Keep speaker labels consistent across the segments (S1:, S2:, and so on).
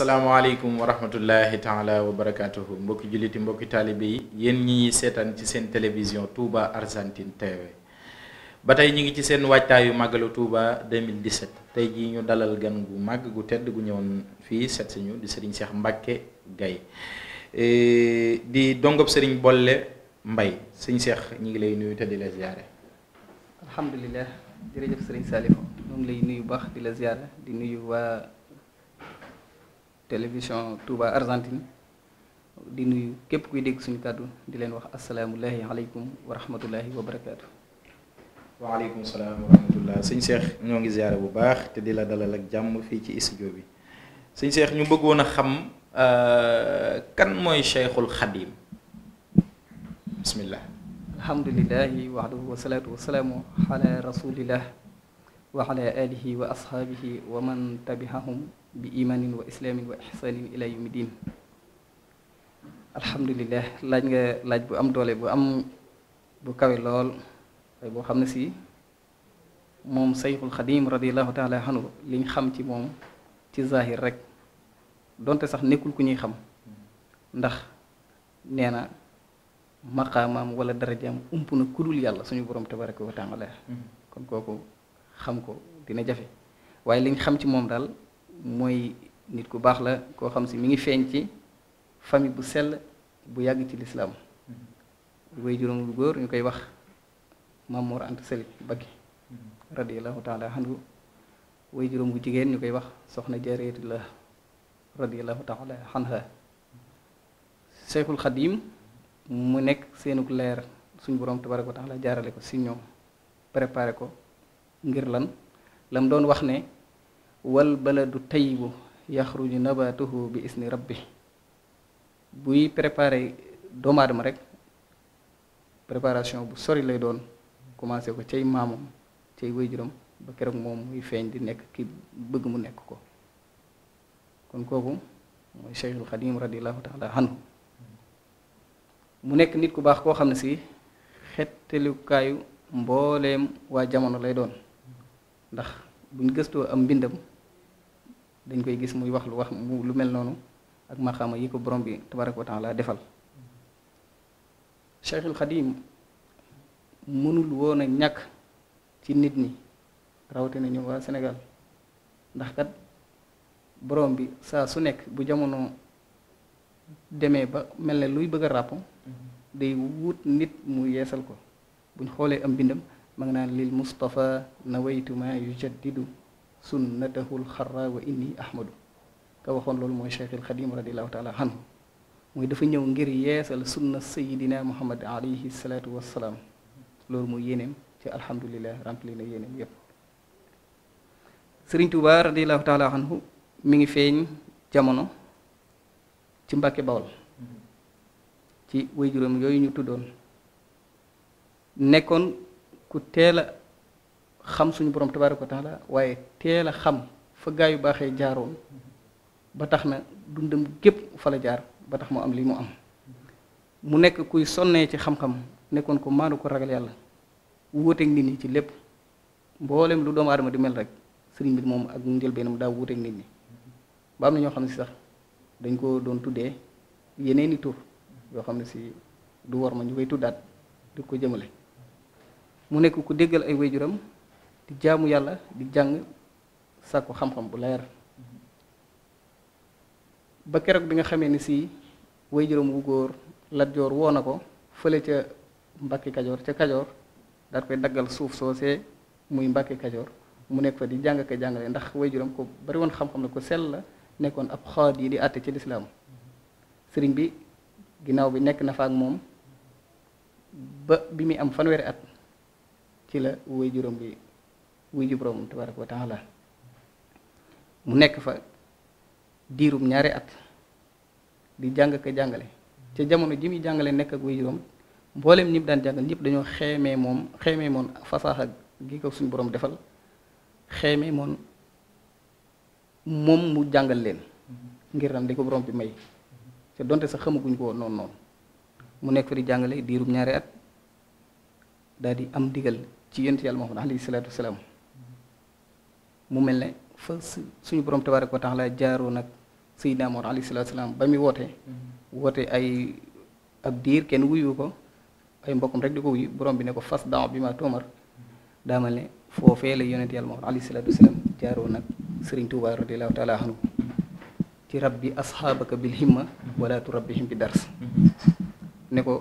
S1: asalaamaaleykum wa rahmatullahi taala wa barakaatuhu mbokki julliti mbokki taalibe yi yéen ñi seetaan ci seen télévision Touba Argentine TV ba tey ñu ngi ci seen waajtaayu màggalu Touba 2017 tey jii ñu dalal gan gu màgg gu tedd gu ñëwoon fii seet si ñu di sëriñ seex Mbacke gay e, di dongob sëriñ Bolle Mbay sëñ Cheikh ñu ngi lay nuyu te di la ziare.
S2: alhamdulilah jërëjëf sëriñ Salif ñu ngi lay nuyu baax di la ziare di nuyu waa. télévision Touba Argentine di nuyu képp kuy dégg suñu kàddu di leen wax asalaamullahi aleykum wa rahmatullahi wa barakaatu. waaleykum salaam wa
S1: ñoo ngi ziare bu baax te di la dalal ak jàmm fii ci studio bi sëñ Cheikh ñu bëggoon a xam euh, kan mooy Cheikhul Xadim bismillah
S2: alhamdulilahi wahdahu wasalaatu wasalaamu ala rasulillah wa ala alihi wa ashaabihi wa man bi imaanin wa islaamin wa ihsaanin ila yawmi diin alhamdulilah laaj nga laaj bu am doole bu am bu kawe lool waaye boo xam ne si moom sayxul xadim radiallahu taala anhu liñ xam ci moom ci zahir rek donte sax nekkul ku ñuy xam ndax nee na maqaamaam wala darajaam ump na kudul yàlla suñu borom tabaraka wa hmm. kon kooku xam ko dina jafe waaye liñ xam ci moom daal mooy nit ku baax la koo xam si mu ngi feeñ ci famille bu sell bu yàgg ci lislaam way juróom bu góor ñu koy wax Mamour Anta Sali Bakki radiyallahu taala anhu way juróom bu jigéen ñu koy wax soxna Jaaratullaah radiyallahu taala anha Cheikhul Xadim mu nekk seenu leer suñ borom tabaraka wa taala jaarale ko si ñoom préparé ko ngir lan lam doon wax ne wal bala du baladu tayyibu yaxruju nabatuhu bi ni rab bi buy préparer doomu rek préparation bu sori lay doon commencé ko cay maamam cay waajuram ba keroog moom muy feeñ di nekk ki bëgg mu nekk ko kon kooku mooy Cheikhul Xadim radiyallahu taala anhu mu nekk nit ku baax koo xam ne si xettelukaayu mbooleem waa jamono lay doon ndax buñ gëstoo am mbindam dañ koy gis muy wax lu wax mu lu mel noonu ak maqaama yi ko borom bi tabaraka wa taala defal Cheikhul Xadim mënul woon a ñàkk ci nit ñi rawatina ñu waa Sénégal ndax kat borom bi saa su nekk bu jamono demee ba mel ne luy bëgg a ràpp mhm. day wut nit mu yeesal ko buñ xoolee am mbindam ma nga naan lil Mustafa nawaytuma yujaddidu sunnatahul xarra wa inni ahmadu ka waxoon loolu mooy Cheikhul Xadim radiallahu taala anhu mooy dafa ñëw ngir yeesal sunna sayidina muhammad alayhi salaatu salaam loolu mooy yéeneem ci alhamdulilah rempli na yéeneem yépp sëriñ Tuubaa radiallahu taala anhu mi ngi feeñ jamono ci mbakki Bawol ci waajuram yooyu ñu tuddoon nekkoon ku teel xam suñu borom ko wa la waaye teel a xam fa gaa yu baaxee jaaroon ba tax na dundam gépp fa la jaar ba tax mu am li mu am mu nekk kuy sonnee ci xam-xam nekkoon ko maanu ko ragal yàlla wuuteeg nit ñi ci lépp mboolem lu doomu aadama di mel rek sëriñ bi moom ak njëlbeenam daa wuuteeg nit ñi ba am na ñoo xam ne si sax dañ koo doon tuddee yeneen yeneeni tur yoo xam ne si du war ma ñu koy tuddaat di ko jëmale mu nekk ku déggal ay waajuram di jaamu yàlla di jàng sàkku xam-xam bu leer ba keroog bi nga xamee ni si waajuram wu góor Lat Joor woo na ko fële ca Mbàkke Kajoor ca Kajoor daal koy daggal suuf soosee muy Mbàkke Kajoor mu nekk fa di jàng ka jàngale ndax waajuram ko bari woon xam-xam ne ko sell la nekkoon ab xaad yi di àtte ci lislaam sëriñ bi ginnaaw bi nekk na fa ak moom ba bi muy am fanweeri at ci la wuy juróom bi wuy ju boroomam tabaraka wa taala mu nekk fa diirum ñaari at di jàng ka jàngale ca jamono ji muy jàngale nekk ak wuy juróom mboolem ñi daan jàngal ñëpp dañoo xeemee moom xeemee moon fasaaxa gi ko suñu boroom defal xeemee moon moom mu jàngal leen ngir ram di ko borom bi may te donte sax xamaguñ ko noon noon mu nekk fa di jàngale diirum ñaari at daal di am digal ci yonent yàlla Muhammad alayhi salaatu wa salaam mu mel ne fa suñu borom tabaaraka wa taala jaaroo nag Seydina Mor alayhi salaatu wa salaam ba muy woote woote ay ab diir kenn wuyu ko ay mbokkam rek di ko wuyu borom bi ne ko fas daaw bi ma toomar daa mel ne foofee la yonent yàlla Muhammad alayhi salaatu wa salaam jaaroo nag Sëriñ Tuubaa radiyallaahu taala anhu ci rabbi asxaabaka bil himma wala turabbihim bi dars ne ko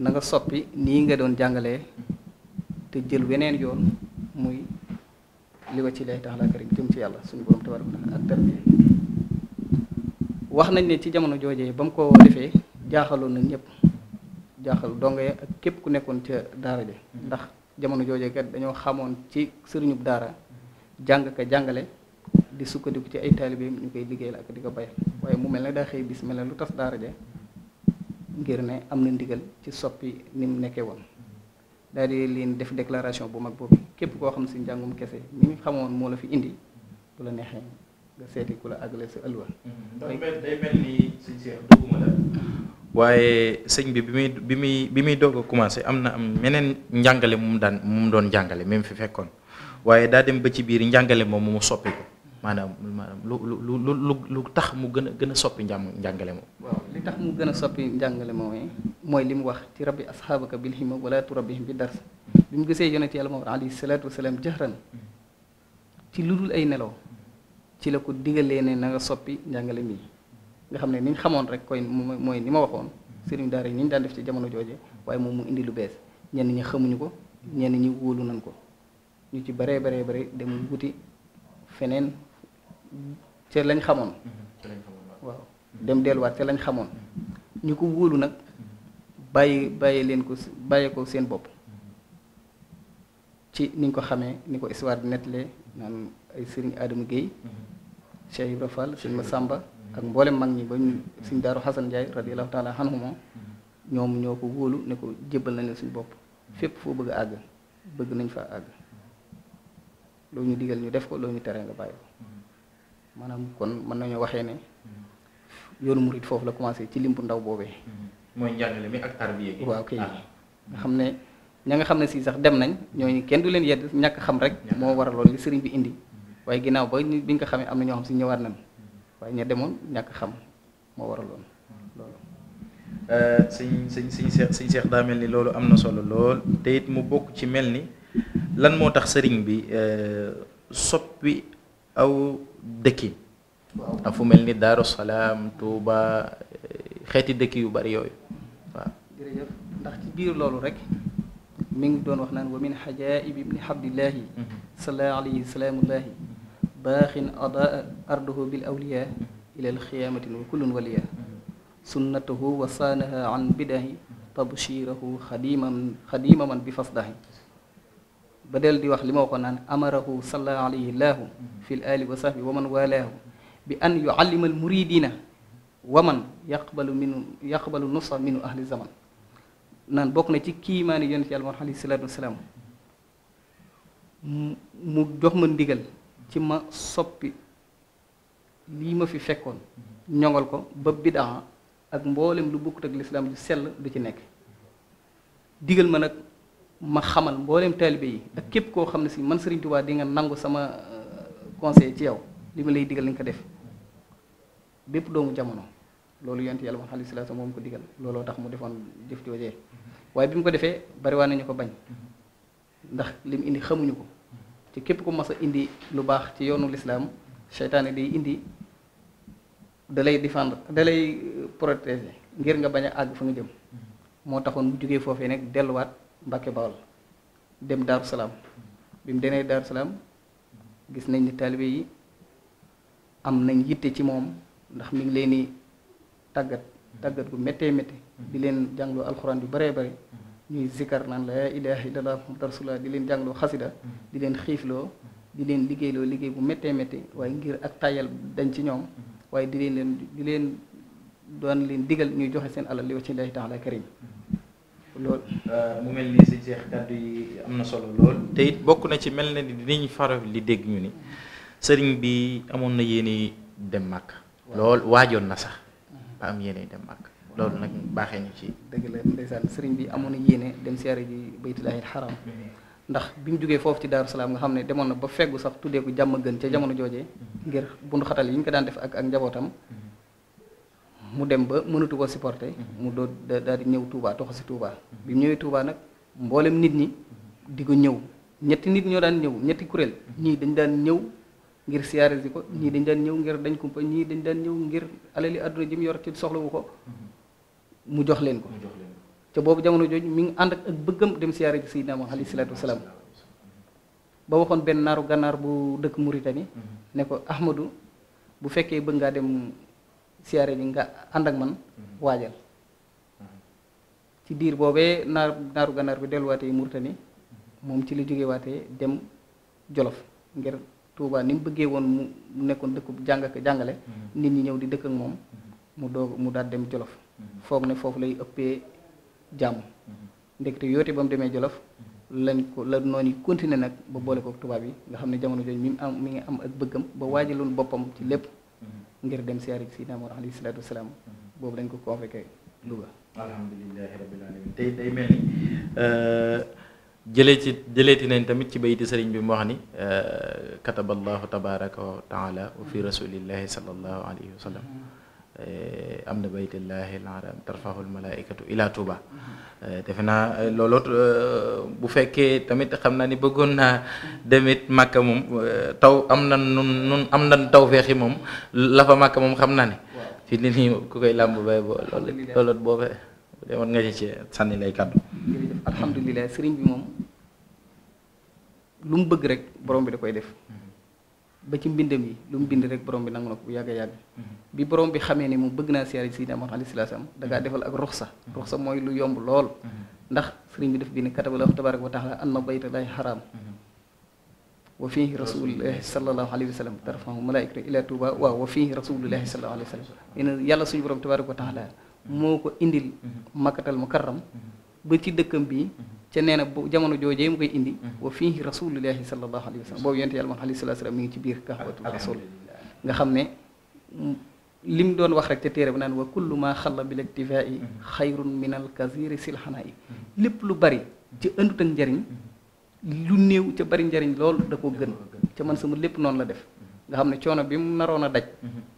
S2: na nga soppi nii nga doon jàngalee te jël weneen yoon muy li ci lay tax la karim jëm ci yàlla suñu borom tabaraka ak a wax nañ ne ci jamono joojee ba mu ko defee jaaxaloon na ñëpp jaaxal donga ya ak képp ku nekkoon ca daara ja ndax jamono joojee ka dañoo xamoon ci sëriñub daara jàng ka jàngale di sukkandiku ci ay taalibeem ñu koy liggéeyal ak di ko bayal waaye mu mel ne daa xëy bis mel ne lu tas daara ja ngir ne am na ndigal ci soppi ni mu nekkee woon daal di leen def déclaration bu mag boobu képp koo xam si njàngum kese ni ñu xamoon moo la fi indi la neexee nga la àggale sa mm-hmm.
S1: sëñ bi bi muy bi muy bi muy doog a commencé am na am meneen njàngale mu daan mu doon jàngale même fi fekkoon waaye daa dem ba ci biir njàngale moom mu soppi ko maanaam maanaam lu lu lu lu tax mu gën a gën a soppi njàmm njàngale moom.
S2: li tax mu gën a soppi njàngale mooy mooy li mu wax ci rabbi asxaabaka bil himma wala turabbihim bi dars bi mu gisee yonent yàlla moom alayhi salaatu wasalaam jahran ci lu dul ay nelaw ci la ko digalee ne na soppi njàngale mii nga xam ne ni xamoon rek koy mooy ni ma waxoon sëriñ daara yi ni ñu daan def ci jamono jooje waaye moom mu indi lu bees ñenn ñi xamuñu ko ñenn ñi wóolu nañ ko ñu ci baree baree bare dem wuti feneen ca lañ xamoon waaw dem delluwaat te lañ xamoon ñu ko wóolu nag bàyyi bàyyi leen ko bàyyee ko seen bopp ci niñ ko xamee ni ko histoire bi nettalee naan ay sëriñ Adama Guèye Cheikh Ibra Fall sëñ Massamba ak mboole mag ñi ba ñu sëñ Daaru Xasan Ndiaye radiyallahu taala anhuma ñoom ñoo ko wóolu ne ko jébbal nañu leen bopp fépp foo bëgg àgg bëgg nañ fa àgg loo ñu digal ñu def ko loo ñu tere nga bàyyi ko maanaam kon mën nañoo waxee ne yoonu murit foofu la commencé ci lim ndaw boobee. Mm-hmm. mooy
S1: njàngale mi ak tarbiya
S2: waaw kay ah. nga xam ne ña nga xam ne si sax dem nañ ñooñu kenn du leen yedd ñàkk xam rek. moo war waraloon li sëriñ bi indi. Mm-hmm. waaye ginnaaw ba ñu bi nga xamee am na ñoo xam si ñëwaat nañ mm-hmm. waaye ña demoon ñàkk xam moo waraloon loolu. Euh, sëñ sëñ sëñ
S1: Seex sëñ daa mel ni loolu am na solo lool te it mu bokk ci mel ni lan moo tax sëriñ bi euh, soppi aw dëkkin. ak mel ni Daaru Salaam Touba xeeti dëkk yu bari yooyu waaw.
S2: ndax ci biir loolu rek mi ngi doon wax naan wa min xajaa'ib ibni Abdillahi salla alayhi salaamullahi baaxin adaa arduhu bil awliyaa ilal xiyaamati wa kullun waliyaa sunnatahu wa saanaha an man bi fasdahi ba del di wax li ma waxoon naan amarahu salla alayhi fi l aali wa sahbi bi an yuallima al muridina wa man yaqbalu minu yaqbalu nusa minu ahli zaman naan bokk na ci kiimaani yonent yàlla alayhi salaatu salaam mu jox ma ndigal ci ma soppi lii ma fi fekkoon ñoŋal ko ba bidaa ak mboolem lu bokkut ak lislaam ju sell lu ci nekk digal ma nag ma xamal mboolem taalibe yi ak képp koo xam ne si man Sëriñ Tuubaa di nga nangu sama euh, conseil ci yow li ma lay digal li ko def bépp doomu jamono loolu yonent yàlla moom alayhi sa moom ko digal looloo tax mu defoon jëf joojee waaye bi mu ko defee bariwaa nañu ko bañ ndax lim indi xamuñu ko ci képp ku mas a indi lu baax ci yoonu lislaam seytaane day indi da lay défendre da lay euh, ngir nga bañ a àgg fa nga jëm moo taxoon mu jógee foofee nag delluwaat Mbàkke Bawol dem Daaru Salaam bi mu demee Daaru Salaam gis nañ ni taalibe yi am nañ yitte ci moom ndax mi ngi leen di tàggat tàggat gu méttee méttee di leen jàngloo alxuraan yu bëree bëri ñuy zikar naan la ilaha illallah muhammad rasulullah di leen jàngloo xasida di leen xiifloo di leen liggéeyloo liggéey bu méttee méttee waaye ngir ak tayal dañ ci ñoom waaye di leen leen di leen doon leen digal ñuy joxe seen alal li wa ci laahi taala karim lool mu mel ni si jeex kàddu yi
S1: am na solo lool te it bokk na ci mel na ni dinañ faral di dégg ñu ni sëriñ bi amoon na yéene dem Màkka lool waajoon na sax ba am yéene dem màkk loolu nag baaxee ñu ci
S2: dëgg la ndeysaan sëriñ bi amoon na yéene dem siyaare ji baytullaahil xaram ndax bi mu jógee foofu ci daaru salaam nga xam ne demoon na ba feggu sax tuddee ko jàmm gën ca jamono joojee ngir bundu xatal yi ñu ko daan def ak njabootam mu dem ba mënatu ko supporter mu doo daal di ñëw tuubaa toxu si Touba bi mu ñëwee Touba nag mboolem nit ñi di ñëw ñetti nit ñoo daan ñëw ñetti kuréel ñii dañ ngir siyaare si ko ñii dañ daan ñëw ngir dañ kumpa ñii dañ daan ñëw ngir alali àdduna ji mu yor ci soxlawu ko mu jox leen ko te boobu jamono jooju mi ngi ànd ak bëggam dem siyaare ji Seydina Muhammad alayhi salaatu wasalaam ba waxoon benn naaru gànnaar bu dëkk Mauritanie mhm. ne ko Ahmadu bu fekkee bëgg ngaa dem siyaare ji nga ànd man mhm. waajal
S3: mhm.
S2: ci diir boobee naaru naaru gànnaar bi delluwaatee Mauritanie moom ci la jógewaatee dem Jolof ngir Touba ni mu bëggee woon mu nekkoon dëkk bu jàng ak jàngale. Mhm. nit ñi ñëw di dëkk moom. Mhm. mu doog mu daal dem Jolof. Mhm. foog ne foofu lay ëppee jàmm. ndekete yoote ba mu demee Jolof. lañ ko la noonu continuer nag ba boole ko tubaab yi nga xam ne jamono jooju mi am mi ngi am ak bëggam ba waajaloon boppam ci lépp. ngir dem siyaare si Seydina Muhammad alayhi salaatu wasalaam boobu lañ ko convoqué Louga. alhamdulilah
S1: jëlee ci jëleeti nañ tamit ci bayti sëriñ bi mu wax ni euh, kataballahu tabaraka wa taala wa fi rasulillahi sallallahu alayhi wa sallam eh, am na baytillahi al-haram tarfahul malaikatu ila tuba eh, defe naa eh, looloot bu fekkee tamit xam naa ni bëggoon naa demit màkka moom taw am na nun am na taw tawféexi moom la fa moom xam naa ni fi ni nii ku koy làmb bay bo loolu looloot boobee demoon nga ci sànni lay kàddu
S2: alhamdulilah sëriñ bi moom lu mu bëgg rek borom bi da koy def ba ci mbindam yi lu mu bind rek borom bi nangu na ko bu yàgg bi borom bi xamee ni moom bëgg naa siyaare si Muhammad alayhi salaam da ngaa defal ak ruxsa ruxsa mooy lu yomb lool ndax sëriñ bi def bii ne kataba Allahu tabaaraka wa taala anna bayta laahi xaraam wa fiihi rasuulullaahi sallallaahu alayhi wa sallam tarfa'u malaa'ikatu ilaa Tuubaa waaw wa fiihi rasuulullaahi sallallaahu alayhi wa sallam yàlla suñu borom tabaaraka wa taala moo ko indil makkatal mukarram ba ci dëkkam bi ca nee na jamono joojee mu koy indi mm-hmm. wa fiihi rasulillahi sallallahu alayhi wa sallam boobu yonte yàlla moom alayhi salaatu salaam mi ngi ci biir kaxwatul nga xam ne lim doon wax rek ca téere bi naan wa kullu ma xalla bil iktifaa'i mm-hmm. xayrun min al kasiri silxanaa'i mm-hmm. lépp lu bari ci ëndut ak njariñ lu néew ca bari njariñ lool da ko gën ca man sama lépp noonu la def nga xam ne coono bi mu naroon a daj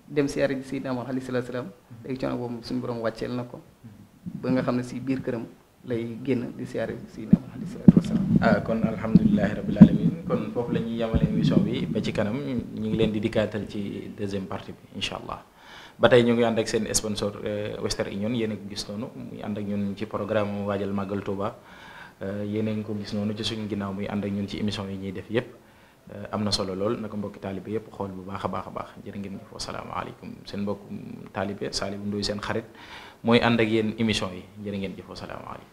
S2: dem siyaare ji sayyidina Muhammad alayhi salaatu salaam léegi coono boobu suñu borom wàcceel na ko ba nga xam ne si biir këram lay génn di siyaare si nabi alayhi salaatu wasalaam ah kon alhamdulilahi rabbil alamin kon
S1: foofu la ñuy yemale émission bi ba ci kanam ñu ngi leen di dikkaatal ci deuxième partie bi incha allah ba tey ñu ngi ànd ak seen sponsor eh, Western Union yéen ko gis noonu muy ànd ak ñun ci programme waajal màggal Touba eh, yéen a ngi ko gis noonu ci suñu ginnaaw muy ànd ak ñun ci émission yi ñuy def yépp eh, am na solo lool naka mbokki taalibe yépp xool bu baax a baax a baax jërë ngeen jëf wasalaamaaleykum seen
S3: mbokk taalibe Saliou seen xarit mooy ànd ak yéen émission yi jërë ngeen jëf wasalaamaaleykum